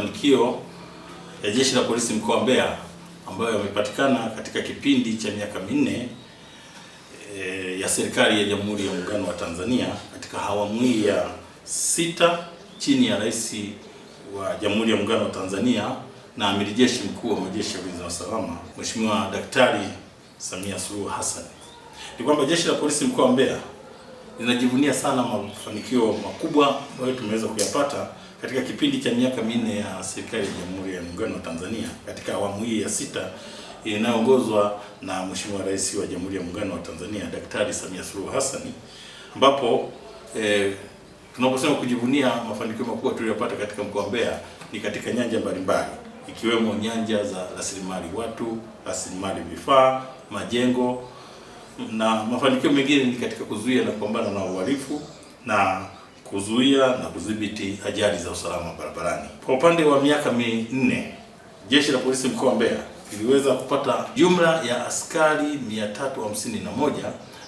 mafanikio ya Jeshi la Polisi mkoa wa Mbeya ambayo yamepatikana katika kipindi cha miaka minne e, ya serikali ya Jamhuri ya Muungano wa Tanzania katika awamu hii ya sita chini ya Rais wa Jamhuri ya Muungano wa Tanzania na Amiri Jeshi Mkuu wa Majeshi ya Ulinzi na Usalama Mheshimiwa Daktari Samia Suluhu Hassan. Ni kwamba Jeshi la Polisi mkoa wa Mbeya linajivunia sana mafanikio makubwa ambayo tumeweza kuyapata katika kipindi cha miaka minne ya serikali ya Jamhuri ya Muungano wa Tanzania katika awamu hii ya sita inayoongozwa na Mheshimiwa Rais wa Jamhuri ya Muungano wa Tanzania Daktari Samia Suluhu Hassan, ambapo eh, tunaposema kujivunia mafanikio makubwa tuliyopata katika mkoa wa Mbeya ni katika nyanja mbalimbali ikiwemo nyanja za rasilimali watu, rasilimali vifaa, majengo na mafanikio mengine ni katika kuzuia na kupambana na uhalifu na kuzuia na kudhibiti ajali za usalama barabarani. Kwa upande wa miaka minne, jeshi la polisi mkoa wa Mbeya iliweza kupata jumla ya askari 351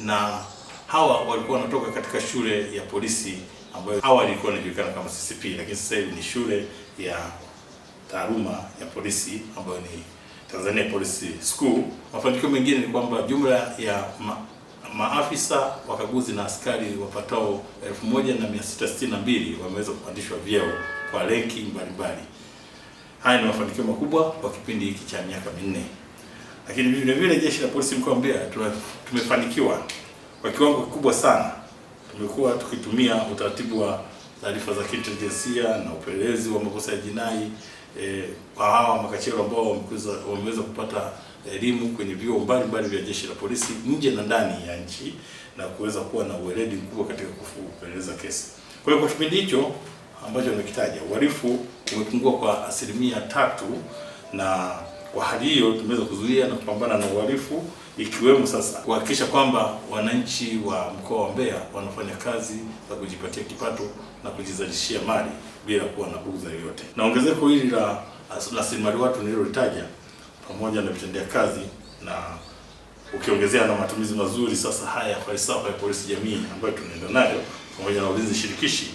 na hawa walikuwa wanatoka katika shule ya polisi ambayo awali ilikuwa inajulikana kama CCP, lakini sasa hivi ni shule ya taaluma ya polisi ambayo ni Tanzania Police School. Mafanikio mengine ni kwamba jumla ya ma maafisa wakaguzi na askari wapatao 1662 wameweza kupandishwa vyeo kwa renki mbalimbali. Haya ni mafanikio makubwa kwa kipindi hiki cha miaka minne, lakini vile vile jeshi la polisi mkoa wa Mbeya tumefanikiwa kwa kiwango kikubwa sana. Tumekuwa tukitumia utaratibu wa taarifa za kiintelijensia na upelelezi wa makosa ya jinai eh, kwa hawa makachero ambao wameweza kupata elimu kwenye vyuo mbalimbali vya jeshi la polisi nje na ndani ya nchi na kuweza kuwa na uweledi mkubwa katika kupeleleza kesi. Kwa hiyo kwa kipindi hicho ambacho nimekitaja, uhalifu umepungua kwa asilimia tatu, na kwa hali hiyo tumeweza kuzuia na kupambana na uhalifu, ikiwemo sasa kuhakikisha kwamba wananchi wa mkoa wa Mbeya wanafanya kazi za kujipatia kipato na kujizalishia mali bila kuwa na bughudha yoyote, na ongezeko hili la rasilimali watu nililolitaja pamoja na vitendea kazi na ukiongezea na matumizi mazuri sasa haya ya falsafa ya polisi jamii ambayo tunaenda nayo pamoja na ulinzi shirikishi,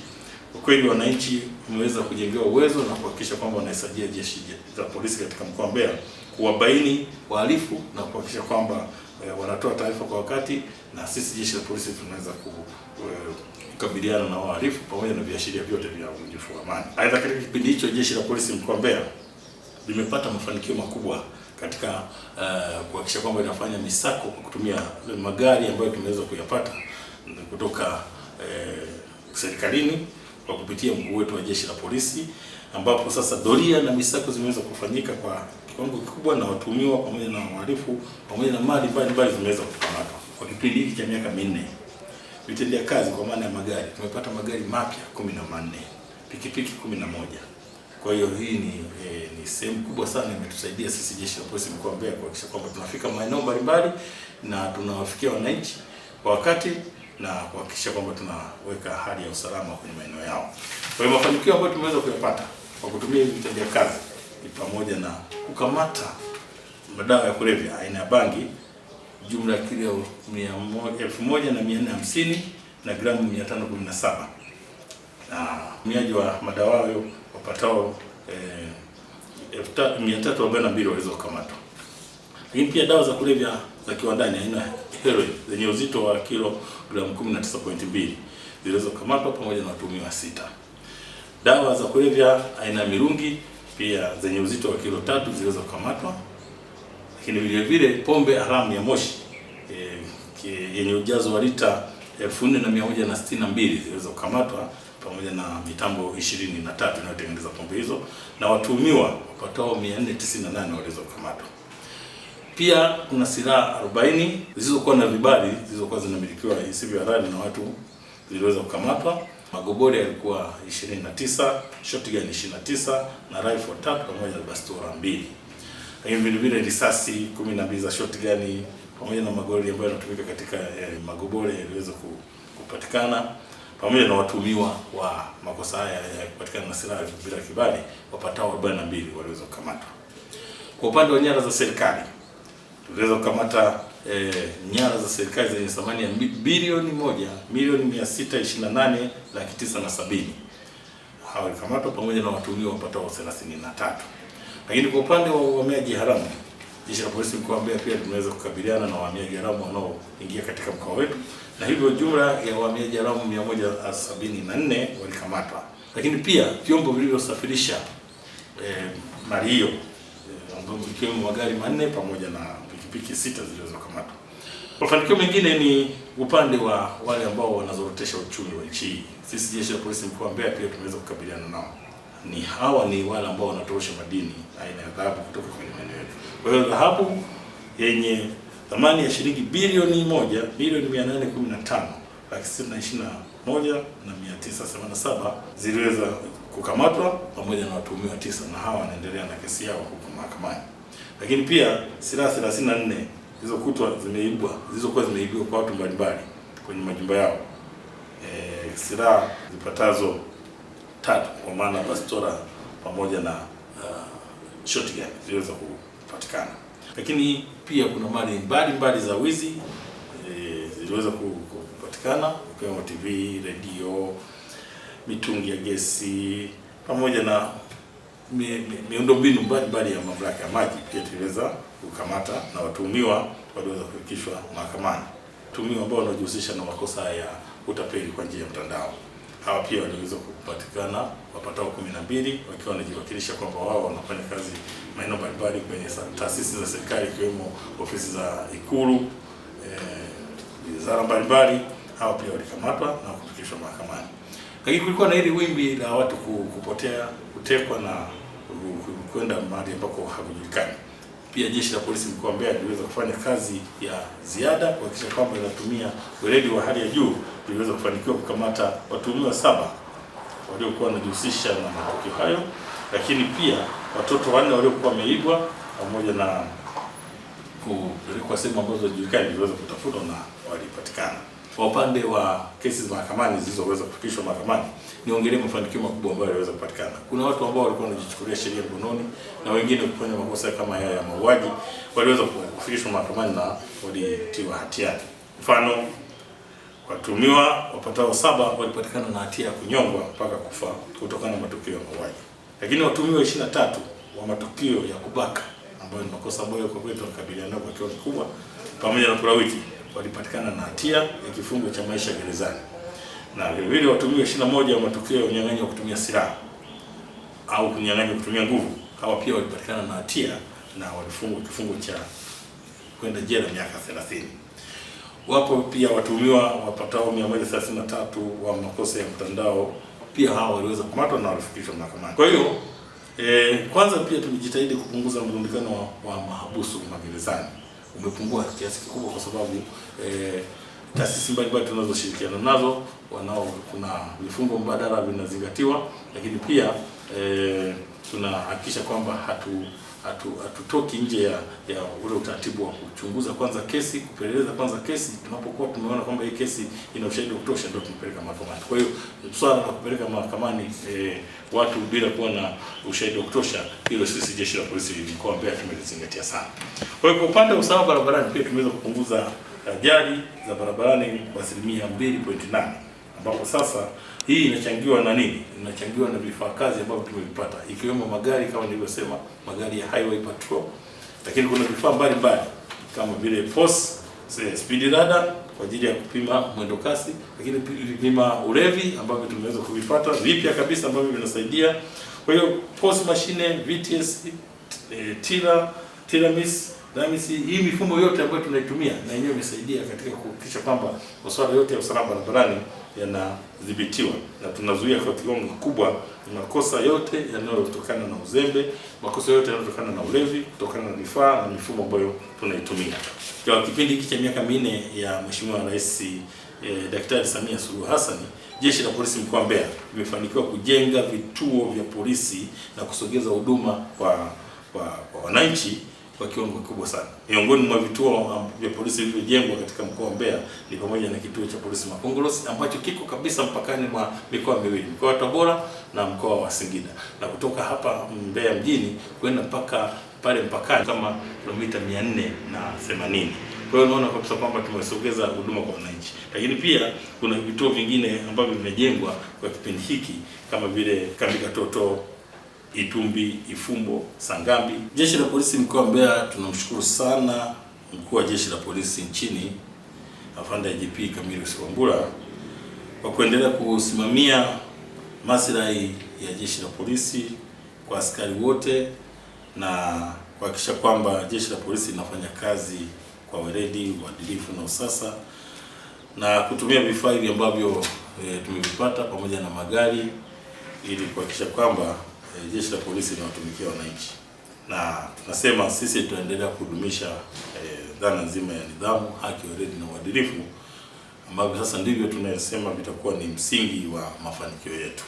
kwa kweli wananchi wameweza kujengewa uwezo na kuhakikisha kwamba wanaisaidia jeshi la polisi katika mkoa wa Mbeya kuwabaini wahalifu na kuhakikisha kwamba eh, wanatoa taarifa kwa wakati, na sisi jeshi la polisi tunaweza eh, kukabiliana na wahalifu pamoja na viashiria vyote vya uvunjifu wa amani. Aidha, katika kipindi hicho jeshi la polisi mkoa wa Mbeya limepata mafanikio makubwa katika uh, kuhakikisha kwamba inafanya misako kwa kutumia magari ambayo tumeweza kuyapata kutoka uh, serikalini kwa kupitia mkuu wetu wa Jeshi la Polisi, ambapo sasa doria na misako zimeweza kufanyika kwa kiwango kikubwa, na watumiwa pamoja na wahalifu pamoja na mali mbalimbali zimeweza kukamatwa kwa kipindi hiki cha miaka minne. Vitendea kazi kwa maana ya magari, tumepata magari mapya kumi na manne, pikipiki kumi na moja kwa hiyo hii ni e, ni sehemu kubwa sana imetusaidia sisi jeshi la polisi mkoa wa Mbeya kuhakikisha kwamba tunafika maeneo mbalimbali na tunawafikia wananchi kwa wakati na kuhakikisha kwamba tunaweka hali ya usalama kwenye maeneo yao. Kwa hiyo mafanikio ambayo tumeweza kuyapata kwa kutumia hivi vitendea kazi ni pamoja na kukamata madawa ya kulevya aina ya bangi jumla ya kilo elfu moja na mia nne hamsini na gramu 517 na mtumiaji wa madawa hayo wapatao eh, mia mbili waweza kukamatwa. Lakini pia dawa za kulevya za kiwandani aina heroin zenye uzito wa kilo kilogramu 19.2 ziliweza kukamatwa pamoja na watuhumiwa sita. Dawa za kulevya aina ya mirungi pia zenye uzito wa kilo tatu ziliweza kukamatwa, lakini vile vile pombe haramu ya moshi eh, yenye ujazo wa lita 4162 ziliweza kukamatwa pamoja na mitambo 23 na inayotengeneza pombe hizo na watuhumiwa wapatao 498 walizokamatwa. Pia kuna silaha 40 zilizokuwa na vibali zilizokuwa zinamilikiwa isivyo halali na watu ziliweza kukamatwa. Magobole yalikuwa 29, shotgun 29 na rifle tatu pamoja na bastola mbili. Lakini vile vile risasi 12 za shotgun pamoja na magori ambayo yanatumika katika eh, magobole yaliweza kupatikana pamoja na watumiwa wa makosa haya ya kupatikana na silaha bila kibali wapatao 42 waliweza kukamatwa. Kwa upande wa nyara za serikali tuliweza kukamata e, nyara za serikali zenye thamani ya bilioni moja milioni mia sita ishirini na nane laki tisa na sabini hawa walikamatwa pamoja na watumiwa wapatao 33. Lakini kwa upande wa uhamiaji haramu Jeshi la Polisi mkoa wa Mbeya pia tumeweza kukabiliana na wahamiaji haramu wanaoingia katika mkoa wetu, na hivyo jumla ya wahamiaji haramu 174 walikamatwa. Lakini pia vyombo vilivyosafirisha eh, mali hiyo eh, ambayo eh, ikiwemo magari manne pamoja na pikipiki sita zilizokamatwa. Mafanikio mengine ni upande wa wale ambao wanazorotesha uchumi wa nchi hii. Sisi jeshi la polisi mkoa wa Mbeya pia tumeweza kukabiliana nao ni hawa ni wale ambao wanatosha madini aina ya dhahabu kutoka kwenye maeneo yetu. Kwa hiyo dhahabu yenye thamani ya shilingi bilioni moja bilioni mia nane kumi na tano laki sita na ishirini na moja na mia tisa themanini na saba ziliweza kukamatwa pamoja na watuhumiwa tisa, na hawa wanaendelea na kesi yao huko mahakamani. Lakini pia silaha thelathini na nne zilizokutwa zimeibwa zilizokuwa zimeibiwa kwa watu mbalimbali kwenye majumba yao, e, silaha zipatazo tatu kwa maana bastola pamoja na uh, shotgun ziliweza kupatikana, lakini pia kuna mali mbalimbali za wizi e, ziliweza kupatikana ikiwemo TV, redio, mitungi ya gesi pamoja na miundombinu mbalimbali ya mamlaka ya maji pia tuliweza kukamata, na watuhumiwa waliweza kufikishwa mahakamani, watuhumiwa ambao wanajihusisha na makosa ya utapeli kwa njia ya mtandao hawa pia waliweza kupatikana wapatao kumi na mbili wakiwa wanajiwakilisha kwamba wao wanafanya kazi maeneo mbalimbali kwenye taasisi za serikali ikiwemo ofisi za Ikulu, eh, wizara mbalimbali. Hawa pia walikamatwa na kufikishwa mahakamani, lakini kulikuwa na hili wimbi la watu kupotea, kutekwa na kwenda mahali ambako hakujulikani. Pia jeshi la polisi mkoa wa Mbeya liliweza kufanya kazi ya ziada kuhakikisha kwamba inatumia weledi wa hali ya juu, liliweza kufanikiwa kukamata watuhumiwa saba waliokuwa wanajihusisha na matukio hayo, lakini pia watoto wanne waliokuwa wameibwa pamoja na kupelekwa sehemu ambazo hazijulikani, liliweza kutafutwa na walipatikana kwa upande wa kesi za mahakamani zilizoweza kufikishwa mahakamani, niongelee mafanikio makubwa ambayo yaliweza kupatikana. Kuna watu ambao walikuwa wanajichukulia sheria mkononi na wengine kufanya makosa kama haya ya mauaji, waliweza kufikishwa mahakamani na walitiwa hatia. Mfano, watumiwa wapatao saba walipatikana na hatia ya kunyongwa mpaka kufa kutokana na matukio ya mauaji, lakini watumiwa tatu wa matukio ya kubaka ambayo ni makosa ambayo kwa kweli tunakabiliana nayo kwa kiwango kikubwa pamoja na kulawiti walipatikana na hatia ya kifungo cha maisha gerezani, na vilevile watuhumiwa ishirini na moja wa matukio ya unyang'anyi wa kutumia silaha au kunyang'anya kutumia nguvu, hawa pia walipatikana na hatia na walifungwa kifungo cha kwenda jela miaka 30. Wapo pia watuhumiwa wapatao 133 wa makosa ya mtandao, pia hawa waliweza kukamatwa na walifikishwa mahakamani. Kwa hiyo eh, kwanza pia tumejitahidi kupunguza mrundikano wa, wa mahabusu magerezani umepungua kiasi kikubwa, kwa sababu eh, taasisi mbalimbali tunazoshirikiana nazo wanao, kuna vifungo mbadala vinazingatiwa, lakini pia eh, tunahakikisha kwamba hatu hatutoki nje ya, ya ule utaratibu wa kuchunguza kwanza kesi, kupeleleza kwanza kesi. Tunapokuwa tumeona kwamba hii kesi ina ushahidi wa kutosha, ndio tunapeleka mahakamani. Kwa hiyo swala la kupeleka mahakamani e, watu bila kuwa na ushahidi wa kutosha, hilo sisi jeshi la polisi mkoa wa Mbeya tumelizingatia sana. Kwa hiyo kwa upande wa usalama barabarani pia tumeweza kupunguza eh, ajali za barabarani kwa asilimia 2.8 ambapo sasa hii inachangiwa na nini? Inachangiwa na vifaa kazi ambavyo tumevipata ikiwemo magari kama nilivyosema, magari ya highway patrol, lakini kuna vifaa mbalimbali kama vile POS eh, speed radar kwa ajili ya kupima mwendo kasi, lakini vipima ulevi ambavyo tumeweza kuvipata vipya kabisa ambavyo vinasaidia. Kwa hiyo POS mashine, VTS, eh, tira, tiramis si hii mifumo yote ambayo tunaitumia na yenyewe imesaidia katika kuhakikisha kwamba masuala yote ya usalama barabarani yanadhibitiwa na tunazuia kwa kiwango kikubwa makosa yote yanayotokana na uzembe, makosa yote yanayotokana na ulevi, kutokana na vifaa na mifumo ambayo tunaitumia. Kwa kipindi hiki cha miaka minne ya Mheshimiwa Rais eh, Daktari Samia Suluhu Hassan, Jeshi la Polisi mkoa Mbeya limefanikiwa kujenga vituo vya polisi na kusogeza huduma kwa kwa wananchi kwa kiwango kikubwa sana. Miongoni mwa vituo vya polisi vilivyojengwa katika mkoa wa Mbeya ni pamoja na kituo cha polisi Makongolosi ambacho kiko kabisa mpakani mwa mikoa miwili, mkoa wa Tabora na mkoa wa Singida, na kutoka hapa Mbeya mjini kwenda mpaka pale mpakani kama kilomita 480. Kwa hiyo unaona kabisa kwamba tumesogeza huduma kwa wananchi, lakini pia kuna vituo vingine ambavyo vimejengwa kwa kipindi hiki kama vile kambi Katoto Itumbi, Ifumbo, Sangambi. Jeshi la Polisi mkoa wa Mbeya, tunamshukuru sana mkuu wa jeshi la polisi nchini afande IGP Camillus Wambura kwa kuendelea kusimamia maslahi ya jeshi la polisi kwa askari wote na kuhakikisha kwamba jeshi la polisi linafanya kazi kwa weledi, uadilifu na usasa na kutumia vifaa hivi ambavyo e, tumevipata pamoja na magari ili kuhakikisha kwamba e, jeshi la polisi linawatumikia wananchi, na tunasema sisi tunaendelea kudumisha e, dhana nzima ya nidhamu, haki, weledi na uadilifu ambavyo sasa ndivyo tunasema vitakuwa ni msingi wa mafanikio yetu.